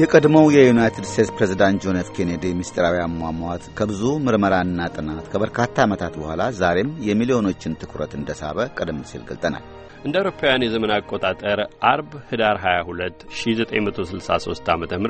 የቀድሞው የዩናይትድ ስቴትስ ፕሬዝዳንት ጆን ኤፍ ኬኔዲ ምስጢራዊ አሟሟት ከብዙ ምርመራና ጥናት ከበርካታ ዓመታት በኋላ ዛሬም የሚሊዮኖችን ትኩረት እንደሳበ ቀደም ሲል ገልጠናል። እንደ አውሮፓውያን የዘመን አቆጣጠር አርብ ህዳር 22 1963 ዓ ም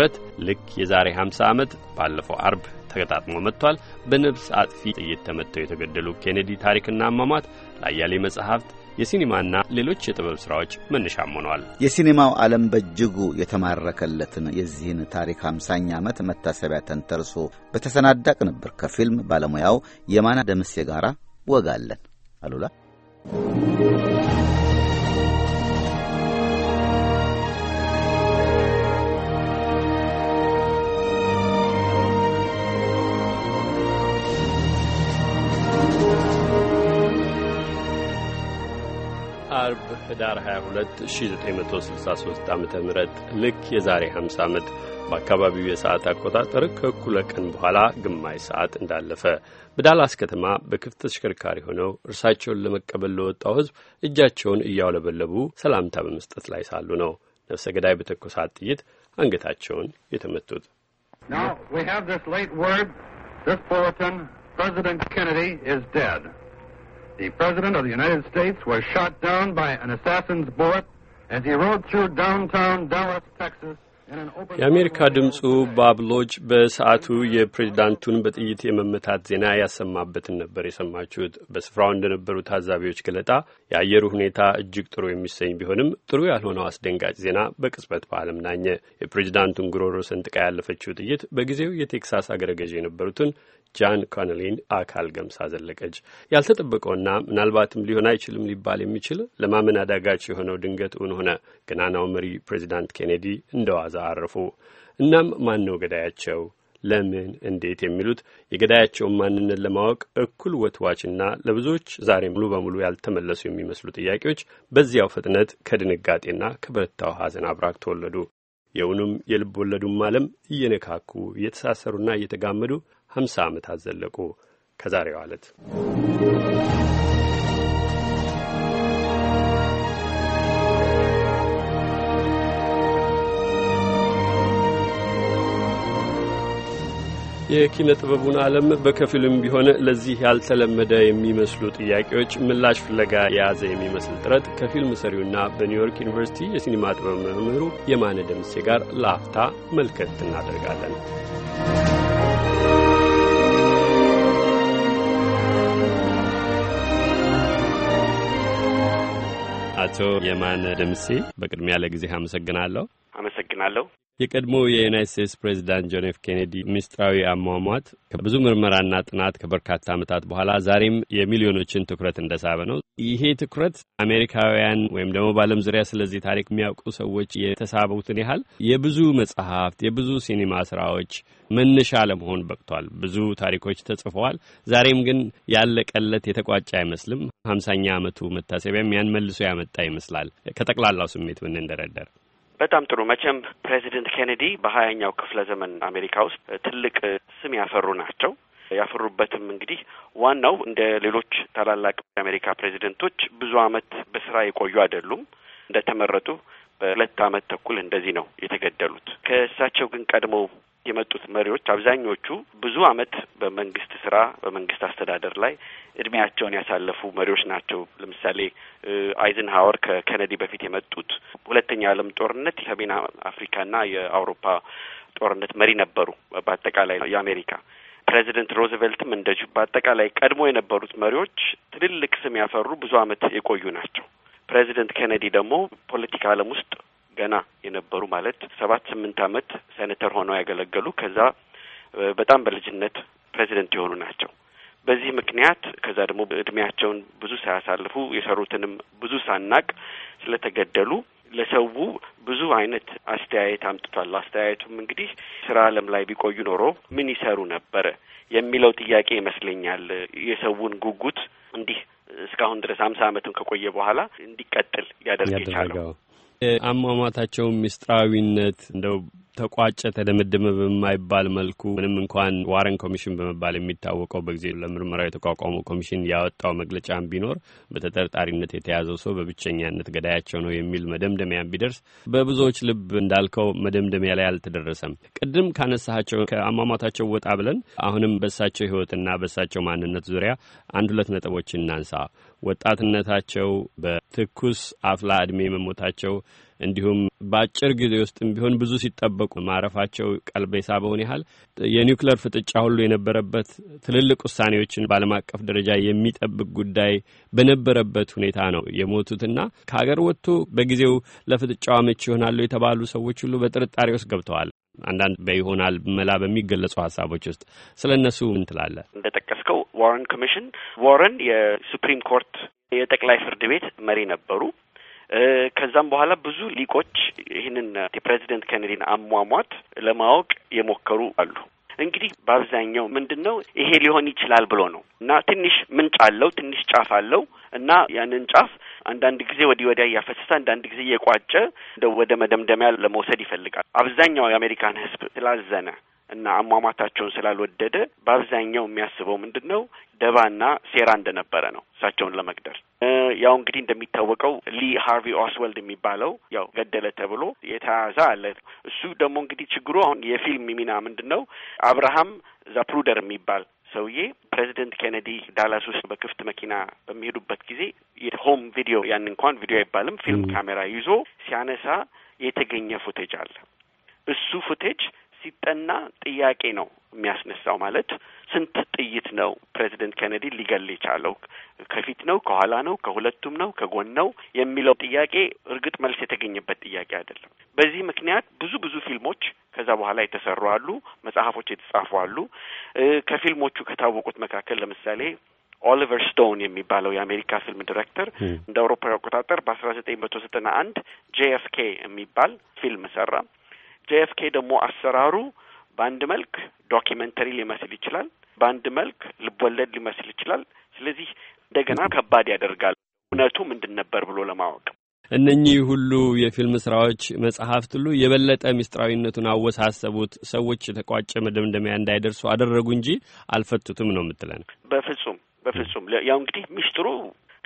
ልክ የዛሬ 50 ዓመት ባለፈው አርብ ተገጣጥሞ መጥቷል። በነፍስ አጥፊ ጥይት ተመተው የተገደሉ ኬኔዲ ታሪክና አሟሟት ለአያሌ መጽሐፍት የሲኒማና ሌሎች የጥበብ ስራዎች መነሻም ሆነዋል። የሲኒማው ዓለም በእጅጉ የተማረከለትን የዚህን ታሪክ ሃምሳኛ ዓመት መታሰቢያ ተንተርሶ በተሰናዳ ቅንብር ከፊልም ባለሙያው የማና ደምሴ ጋር ወጋለን አሉላ ህዳር 22 1963 ዓ ም ልክ የዛሬ 50 ዓመት በአካባቢው የሰዓት አቆጣጠር ከእኩለ ቀን በኋላ ግማሽ ሰዓት እንዳለፈ በዳላስ ከተማ በክፍት ተሽከርካሪ ሆነው እርሳቸውን ለመቀበል ለወጣው ህዝብ እጃቸውን እያውለበለቡ ሰላምታ በመስጠት ላይ ሳሉ ነው ነፍሰ ገዳይ በተኮሳት ጥይት አንገታቸውን የተመቱት። President Kennedy is dead. the President of the United States was shot down by an assassin's bullet as he rode through downtown Dallas, Texas. የአሜሪካ ድምፁ ባብ ሎጅ በሰዓቱ የፕሬዚዳንቱን በጥይት የመመታት ዜና ያሰማበትን ነበር የሰማችሁት። በስፍራው እንደነበሩ ታዛቢዎች ገለጣ የአየሩ ሁኔታ እጅግ ጥሩ የሚሰኝ ቢሆንም ጥሩ ያልሆነው አስደንጋጭ ዜና በቅጽበት በዓለም ናኘ። የፕሬዚዳንቱን ጉሮሮ ሰንጥቃ ያለፈችው ጥይት በጊዜው የቴክሳስ አገረ ገዥ የነበሩትን ጃን ኮነሊን አካል ገምሳ ዘለቀች። ያልተጠበቀውና ምናልባትም ሊሆን አይችልም ሊባል የሚችል ለማመን አዳጋች የሆነው ድንገት እውን ሆነ። ገናናው መሪ ፕሬዚዳንት ኬኔዲ እንደ ዋዛ አረፉ። እናም ማን ነው ገዳያቸው? ለምን፣ እንዴት የሚሉት የገዳያቸውን ማንነት ለማወቅ እኩል ወትዋችና ለብዙዎች ዛሬ ሙሉ በሙሉ ያልተመለሱ የሚመስሉ ጥያቄዎች በዚያው ፍጥነት ከድንጋጤና ከበረታው ሐዘን አብራክ ተወለዱ። የውኑም የልብ ወለዱም ዓለም እየነካኩ እየተሳሰሩና እየተጋመዱ 50 ዓመታት ዘለቁ። ከዛሬው ዕለት የኪነ ጥበቡን ዓለም በከፊልም ቢሆን ለዚህ ያልተለመደ የሚመስሉ ጥያቄዎች ምላሽ ፍለጋ የያዘ የሚመስል ጥረት ከፊልም ሰሪውና በኒውዮርክ ዩኒቨርሲቲ የሲኒማ ጥበብ መምህሩ የማነ ደምሴ ጋር ለአፍታ መልከት እናደርጋለን። አቶ የማነ ደምሴ በቅድሚያ ለጊዜ አመሰግናለሁ። አመሰግናለሁ። የቀድሞ የዩናይት ስቴትስ ፕሬዚዳንት ጆን ኤፍ ኬኔዲ ምስጢራዊ አሟሟት ከብዙ ምርመራና ጥናት ከበርካታ ዓመታት በኋላ ዛሬም የሚሊዮኖችን ትኩረት እንደሳበ ነው። ይሄ ትኩረት አሜሪካውያን ወይም ደግሞ በዓለም ዙሪያ ስለዚህ ታሪክ የሚያውቁ ሰዎች የተሳቡትን ያህል የብዙ መጽሐፍት፣ የብዙ ሲኒማ ስራዎች መነሻ ለመሆን በቅቷል። ብዙ ታሪኮች ተጽፈዋል። ዛሬም ግን ያለቀለት የተቋጨ አይመስልም። ሀምሳኛ ዓመቱ መታሰቢያም ያን መልሶ ያመጣ ይመስላል። ከጠቅላላው ስሜት ብንደረደር በጣም ጥሩ። መቼም ፕሬዚደንት ኬኔዲ በሀያኛው ክፍለ ዘመን አሜሪካ ውስጥ ትልቅ ስም ያፈሩ ናቸው። ያፈሩበትም እንግዲህ ዋናው እንደ ሌሎች ታላላቅ የአሜሪካ ፕሬዚደንቶች ብዙ አመት በስራ የቆዩ አይደሉም። እንደተመረጡ በሁለት አመት ተኩል እንደዚህ ነው የተገደሉት። ከእሳቸው ግን ቀድመው የመጡት መሪዎች አብዛኞቹ ብዙ አመት በመንግስት ስራ በመንግስት አስተዳደር ላይ እድሜያቸውን ያሳለፉ መሪዎች ናቸው። ለምሳሌ አይዘንሃወር ከኬነዲ በፊት የመጡት ሁለተኛ ዓለም ጦርነት የሰሜን አፍሪካና የአውሮፓ ጦርነት መሪ ነበሩ። በአጠቃላይ የአሜሪካ ፕሬዚደንት ሮዝቬልትም እንደዚሁ። በአጠቃላይ ቀድሞ የነበሩት መሪዎች ትልልቅ ስም ያፈሩ ብዙ አመት የቆዩ ናቸው። ፕሬዚደንት ኬኔዲ ደግሞ ፖለቲካ ዓለም ውስጥ ገና የነበሩ ማለት ሰባት ስምንት ዓመት ሴኔተር ሆነው ያገለገሉ ከዛ በጣም በልጅነት ፕሬዚደንት የሆኑ ናቸው። በዚህ ምክንያት ከዛ ደግሞ እድሜያቸውን ብዙ ሳያሳልፉ የሰሩትንም ብዙ ሳናቅ ስለተገደሉ ለሰው ብዙ አይነት አስተያየት አምጥቷል። አስተያየቱም እንግዲህ ስራ አለም ላይ ቢቆዩ ኖሮ ምን ይሰሩ ነበረ የሚለው ጥያቄ ይመስለኛል የሰውን ጉጉት እንዲህ እስካሁን ድረስ አምሳ ዓመትም ከቆየ በኋላ እንዲቀጥል ሊያደርግ የቻለው አሟሟታቸው ምስጢራዊነት እንደው ተቋጨ፣ ተደመደመ በማይባል መልኩ ምንም እንኳን ዋረን ኮሚሽን በመባል የሚታወቀው በጊዜ ለምርመራው የተቋቋመው ኮሚሽን ያወጣው መግለጫም ቢኖር በተጠርጣሪነት የተያዘው ሰው በብቸኛነት ገዳያቸው ነው የሚል መደምደሚያ ቢደርስ በብዙዎች ልብ እንዳልከው መደምደሚያ ላይ አልተደረሰም። ቅድም ካነሳቸው ከአሟሟታቸው ወጣ ብለን አሁንም በሳቸው ሕይወትና በሳቸው ማንነት ዙሪያ አንድ ሁለት ነጥቦች እናንሳ። ወጣትነታቸው በትኩስ አፍላ ዕድሜ መሞታቸው እንዲሁም በአጭር ጊዜ ውስጥም ቢሆን ብዙ ሲጠበቁ ማረፋቸው ቀልብ የሳበውን ያህል የኒውክሌር ፍጥጫ ሁሉ የነበረበት ትልልቅ ውሳኔዎችን በዓለም አቀፍ ደረጃ የሚጠብቅ ጉዳይ በነበረበት ሁኔታ ነው የሞቱትና ከሀገር ወጥቶ በጊዜው ለፍጥጫው አመች ይሆናሉ የተባሉ ሰዎች ሁሉ በጥርጣሬ ውስጥ ገብተዋል። አንዳንድ በይሆናል መላ በሚገለጹ ሀሳቦች ውስጥ ስለ እነሱ ምን ትላለህ? እንደጠቀስከው ዋረን ኮሚሽን ዋረን የሱፕሪም ኮርት የጠቅላይ ፍርድ ቤት መሪ ነበሩ። ከዛም በኋላ ብዙ ሊቆች ይህንን የፕሬዚደንት ኬኔዲን አሟሟት ለማወቅ የሞከሩ አሉ። እንግዲህ በአብዛኛው ምንድን ነው ይሄ ሊሆን ይችላል ብሎ ነው እና ትንሽ ምንጭ አለው፣ ትንሽ ጫፍ አለው እና ያንን ጫፍ አንዳንድ ጊዜ ወዲህ ወዲያ እያፈሰሰ አንዳንድ ጊዜ እየቋጨ ወደ መደምደሚያ ለመውሰድ ይፈልጋል። አብዛኛው የአሜሪካን ሕዝብ ስላዘነ እና አሟሟታቸውን ስላልወደደ በአብዛኛው የሚያስበው ምንድን ነው ደባና ሴራ እንደነበረ ነው እሳቸውን ለመግደል። ያው እንግዲህ እንደሚታወቀው ሊ ሃርቪ ኦስወልድ የሚባለው ያው ገደለ ተብሎ የተያዘ አለ። እሱ ደግሞ እንግዲህ ችግሩ አሁን የፊልም ሚና ምንድን ነው አብርሃም ዛፕሩደር የሚባል ሰውዬ ፕሬዚደንት ኬነዲ ዳላስ ውስጥ በክፍት መኪና በሚሄዱበት ጊዜ የሆም ቪዲዮ ያን እንኳን ቪዲዮ አይባልም ፊልም ካሜራ ይዞ ሲያነሳ የተገኘ ፉቴጅ አለ። እሱ ፉቴጅ ሲጠና ጥያቄ ነው የሚያስነሳው ማለት ስንት ጥይት ነው ፕሬዚደንት ኬኔዲ ሊገል የቻለው? ከፊት ነው? ከኋላ ነው? ከሁለቱም ነው? ከጎን ነው? የሚለው ጥያቄ እርግጥ መልስ የተገኘበት ጥያቄ አይደለም። በዚህ ምክንያት ብዙ ብዙ ፊልሞች ከዛ በኋላ የተሰሩ አሉ፣ መጽሐፎች የተጻፉ አሉ። ከፊልሞቹ ከታወቁት መካከል ለምሳሌ ኦሊቨር ስቶን የሚባለው የአሜሪካ ፊልም ዲሬክተር እንደ አውሮፓ አቆጣጠር በአስራ ዘጠኝ መቶ ዘጠና አንድ ጄ የሚባል ፊልም ሰራ። ጄኤፍኬ ደግሞ አሰራሩ በአንድ መልክ ዶኪመንተሪ ሊመስል ይችላል፣ በአንድ መልክ ልብወለድ ሊመስል ይችላል። ስለዚህ እንደገና ከባድ ያደርጋል እውነቱ ምንድን ነበር ብሎ ለማወቅ። እነኚህ ሁሉ የፊልም ስራዎች፣ መጽሐፍት ሁሉ የበለጠ ምስጢራዊነቱን አወሳሰቡት፣ ሰዎች የተቋጨ መደምደሚያ እንዳይደርሱ አደረጉ እንጂ አልፈቱትም ነው የምትለን? በፍጹም በፍጹም። ያው እንግዲህ ሚስጥሩ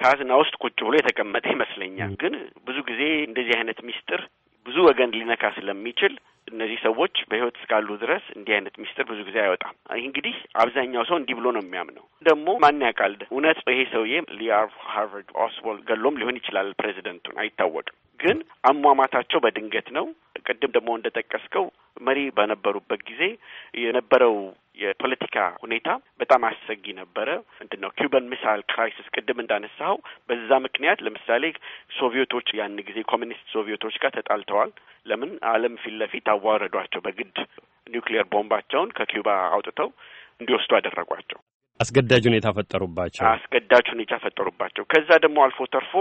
ካዝና ውስጥ ቁጭ ብሎ የተቀመጠ ይመስለኛል። ግን ብዙ ጊዜ እንደዚህ አይነት ሚስጥር ብዙ ወገን ሊነካ ስለሚችል እነዚህ ሰዎች በህይወት እስካሉ ድረስ እንዲህ አይነት ሚስጥር ብዙ ጊዜ አይወጣም። ይህ እንግዲህ አብዛኛው ሰው እንዲህ ብሎ ነው የሚያምነው። ደግሞ ማን ያውቃል እውነት ይሄ ሰውዬ ሊያር ሃርቨርድ ኦስዋልድ ገሎም ሊሆን ይችላል ፕሬዚደንቱን አይታወቅም። ግን አሟሟታቸው በድንገት ነው። ቅድም ደግሞ እንደጠቀስከው መሪ በነበሩበት ጊዜ የነበረው የፖለቲካ ሁኔታ በጣም አሰጊ ነበረ። ምንድን ነው ኪውበን ሚሳይል ክራይሲስ ቅድም እንዳነሳኸው በዛ ምክንያት ለምሳሌ ሶቪየቶች ያን ጊዜ ኮሚኒስት ሶቪየቶች ጋር ተጣልተዋል። ለምን ዓለም ፊት ለፊት አዋረዷቸው። በግድ ኒውክሊየር ቦምባቸውን ከኪውባ አውጥተው እንዲወስዱ አደረጓቸው። አስገዳጅ ሁኔታ ፈጠሩባቸው። አስገዳጅ ሁኔታ ፈጠሩባቸው። ከዛ ደግሞ አልፎ ተርፎ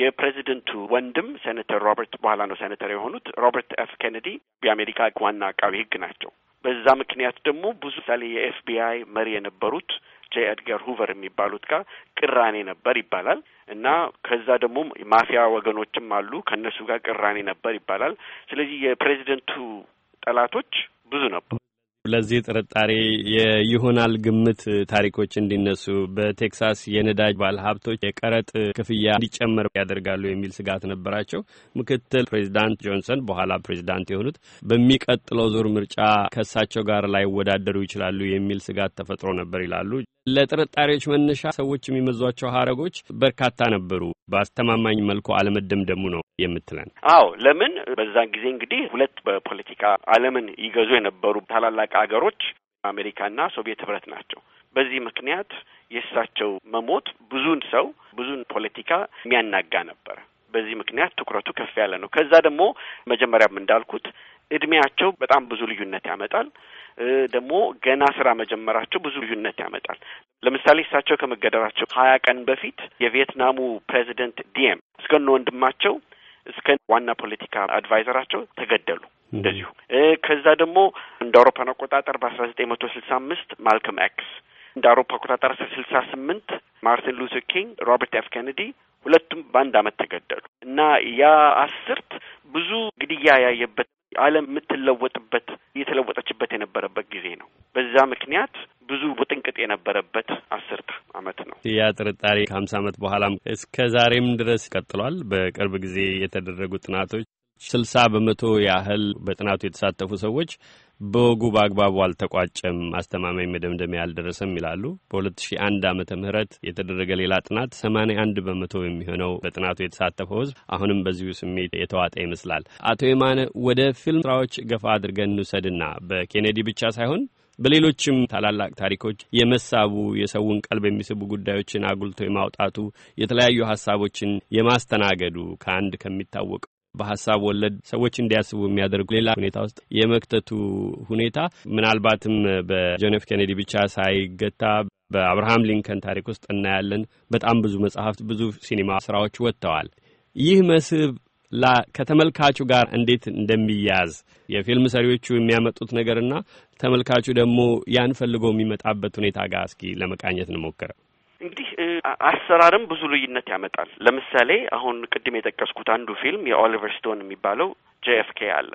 የፕሬዚደንቱ ወንድም ሴኔተር ሮበርት በኋላ ነው ሴኔተር የሆኑት ሮበርት ኤፍ ኬኔዲ የአሜሪካ ዋና አቃቢ ሕግ ናቸው። በዛ ምክንያት ደግሞ ብዙ ምሳሌ የኤፍቢአይ መሪ የነበሩት ጄ ኤድገር ሁቨር የሚባሉት ጋር ቅራኔ ነበር ይባላል እና ከዛ ደግሞ ማፊያ ወገኖችም አሉ ከእነሱ ጋር ቅራኔ ነበር ይባላል። ስለዚህ የፕሬዚደንቱ ጠላቶች ብዙ ነበሩ። ለዚህ ጥርጣሬ የይሆናል ግምት ታሪኮች እንዲነሱ በቴክሳስ የነዳጅ ባለሀብቶች የቀረጥ ክፍያ እንዲጨመር ያደርጋሉ የሚል ስጋት ነበራቸው። ምክትል ፕሬዚዳንት ጆንሰን በኋላ ፕሬዚዳንት የሆኑት በሚቀጥለው ዙር ምርጫ ከእሳቸው ጋር ላይወዳደሩ ይችላሉ የሚል ስጋት ተፈጥሮ ነበር ይላሉ። ለጥርጣሬዎች መነሻ ሰዎች የሚመዟቸው ሀረጎች በርካታ ነበሩ። በአስተማማኝ መልኩ አለመደምደሙ ነው የምትለን? አዎ። ለምን በዛን ጊዜ እንግዲህ ሁለት ዓለምን ይገዙ የነበሩ ታላላቅ ሀገሮች አሜሪካና ሶቪየት ህብረት ናቸው። በዚህ ምክንያት የእሳቸው መሞት ብዙን ሰው ብዙን ፖለቲካ የሚያናጋ ነበር። በዚህ ምክንያት ትኩረቱ ከፍ ያለ ነው። ከዛ ደግሞ መጀመሪያም እንዳልኩት እድሜያቸው በጣም ብዙ ልዩነት ያመጣል። ደግሞ ገና ስራ መጀመራቸው ብዙ ልዩነት ያመጣል። ለምሳሌ እሳቸው ከመገደራቸው ሀያ ቀን በፊት የቪየትናሙ ፕሬዚደንት ዲኤም እስከነ ወንድማቸው እስከ ዋና ፖለቲካ አድቫይዘራቸው ተገደሉ። እንደዚሁ ከዛ ደግሞ እንደ አውሮፓን አቆጣጠር በአስራ ዘጠኝ መቶ ስልሳ አምስት ማልከም ኤክስ እንደ አውሮፓ አቆጣጠር ስልሳ ስምንት ማርቲን ሉተር ኪንግ፣ ሮበርት ኤፍ ኬኔዲ ሁለቱም በአንድ አመት ተገደሉ እና ያ አስርት ብዙ ግድያ ያየበት ዓለም የምትለወጥበት እየተለወጠችበት የነበረበት ጊዜ ነው። በዛ ምክንያት ብዙ ውጥንቅጥ የነበረበት አስርታ ያ ጥርጣሬ ከሀምሳ ዓመት በኋላም እስከ ዛሬም ድረስ ቀጥሏል። በቅርብ ጊዜ የተደረጉ ጥናቶች ስልሳ በመቶ ያህል በጥናቱ የተሳተፉ ሰዎች በወጉ በአግባቡ አልተቋጨም፣ አስተማማኝ መደምደሚያ አልደረሰም ይላሉ። በ2001 ዓመተ ምህረት የተደረገ ሌላ ጥናት 81 በመቶ የሚሆነው በጥናቱ የተሳተፈው ህዝብ አሁንም በዚሁ ስሜት የተዋጠ ይመስላል። አቶ የማነ ወደ ፊልም ስራዎች ገፋ አድርገን እንውሰድና በኬኔዲ ብቻ ሳይሆን በሌሎችም ታላላቅ ታሪኮች የመሳቡ የሰውን ቀልብ የሚስቡ ጉዳዮችን አጉልቶ የማውጣቱ የተለያዩ ሀሳቦችን የማስተናገዱ ከአንድ ከሚታወቅ በሀሳብ ወለድ ሰዎች እንዲያስቡ የሚያደርጉ ሌላ ሁኔታ ውስጥ የመክተቱ ሁኔታ ምናልባትም በጆን ኬኔዲ ብቻ ሳይገታ በአብርሃም ሊንከን ታሪክ ውስጥ እናያለን። በጣም ብዙ መጽሐፍት፣ ብዙ ሲኒማ ስራዎች ወጥተዋል። ይህ መስህብ ከተመልካቹ ጋር እንዴት እንደሚያያዝ የፊልም ሰሪዎቹ የሚያመጡት ነገርና ተመልካቹ ደግሞ ያን ፈልጎ የሚመጣበት ሁኔታ ጋር እስኪ ለመቃኘት እንሞክረው። እንግዲህ አሰራርም ብዙ ልዩነት ያመጣል። ለምሳሌ አሁን ቅድም የጠቀስኩት አንዱ ፊልም የኦሊቨር ስቶን የሚባለው ጄኤፍኬ አለ።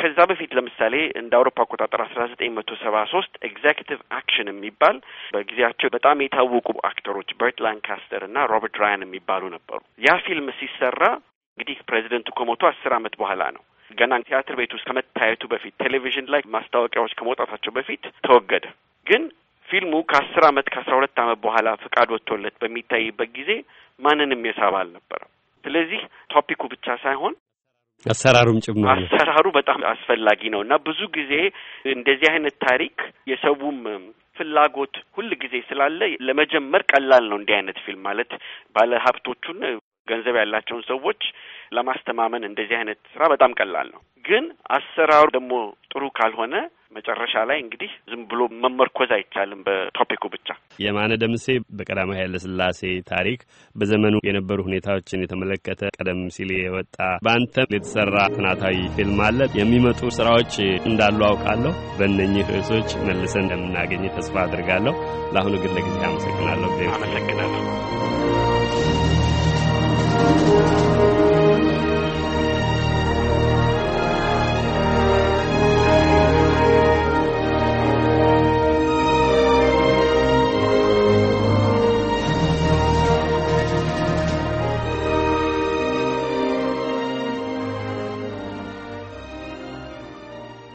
ከዛ በፊት ለምሳሌ እንደ አውሮፓ አቆጣጠር አስራ ዘጠኝ መቶ ሰባ ሶስት ኤግዜክቲቭ አክሽን የሚባል በጊዜያቸው በጣም የታወቁ አክተሮች በርት ላንካስተር እና ሮበርት ራያን የሚባሉ ነበሩ። ያ ፊልም ሲሰራ እንግዲህ ፕሬዚደንቱ ከሞቱ አስር አመት በኋላ ነው። ገና ቲያትር ቤት ውስጥ ከመታየቱ በፊት ቴሌቪዥን ላይ ማስታወቂያዎች ከመውጣታቸው በፊት ተወገደ። ግን ፊልሙ ከአስር አመት ከአስራ ሁለት አመት በኋላ ፍቃድ ወጥቶለት በሚታይበት ጊዜ ማንንም የሳባ አልነበረም። ስለዚህ ቶፒኩ ብቻ ሳይሆን አሰራሩም ጭምር አሰራሩ በጣም አስፈላጊ ነው እና ብዙ ጊዜ እንደዚህ አይነት ታሪክ የሰውም ፍላጎት ሁል ጊዜ ስላለ ለመጀመር ቀላል ነው። እንዲህ አይነት ፊልም ማለት ባለ ሀብቶቹን ገንዘብ ያላቸውን ሰዎች ለማስተማመን እንደዚህ አይነት ስራ በጣም ቀላል ነው። ግን አሰራሩ ደግሞ ጥሩ ካልሆነ መጨረሻ ላይ እንግዲህ ዝም ብሎ መመርኮዝ አይቻልም በቶፒኩ ብቻ። የማነ ደምሴ በቀዳማዊ ኃይለሥላሴ ታሪክ በዘመኑ የነበሩ ሁኔታዎችን የተመለከተ ቀደም ሲል የወጣ በአንተ የተሰራ ጥናታዊ ፊልም አለ። የሚመጡ ስራዎች እንዳሉ አውቃለሁ። በእነኚህ ርዕሶች መልሰን እንደምናገኝ ተስፋ አድርጋለሁ። ለአሁኑ ግን ለጊዜ አመሰግናለሁ። አመሰግናለሁ።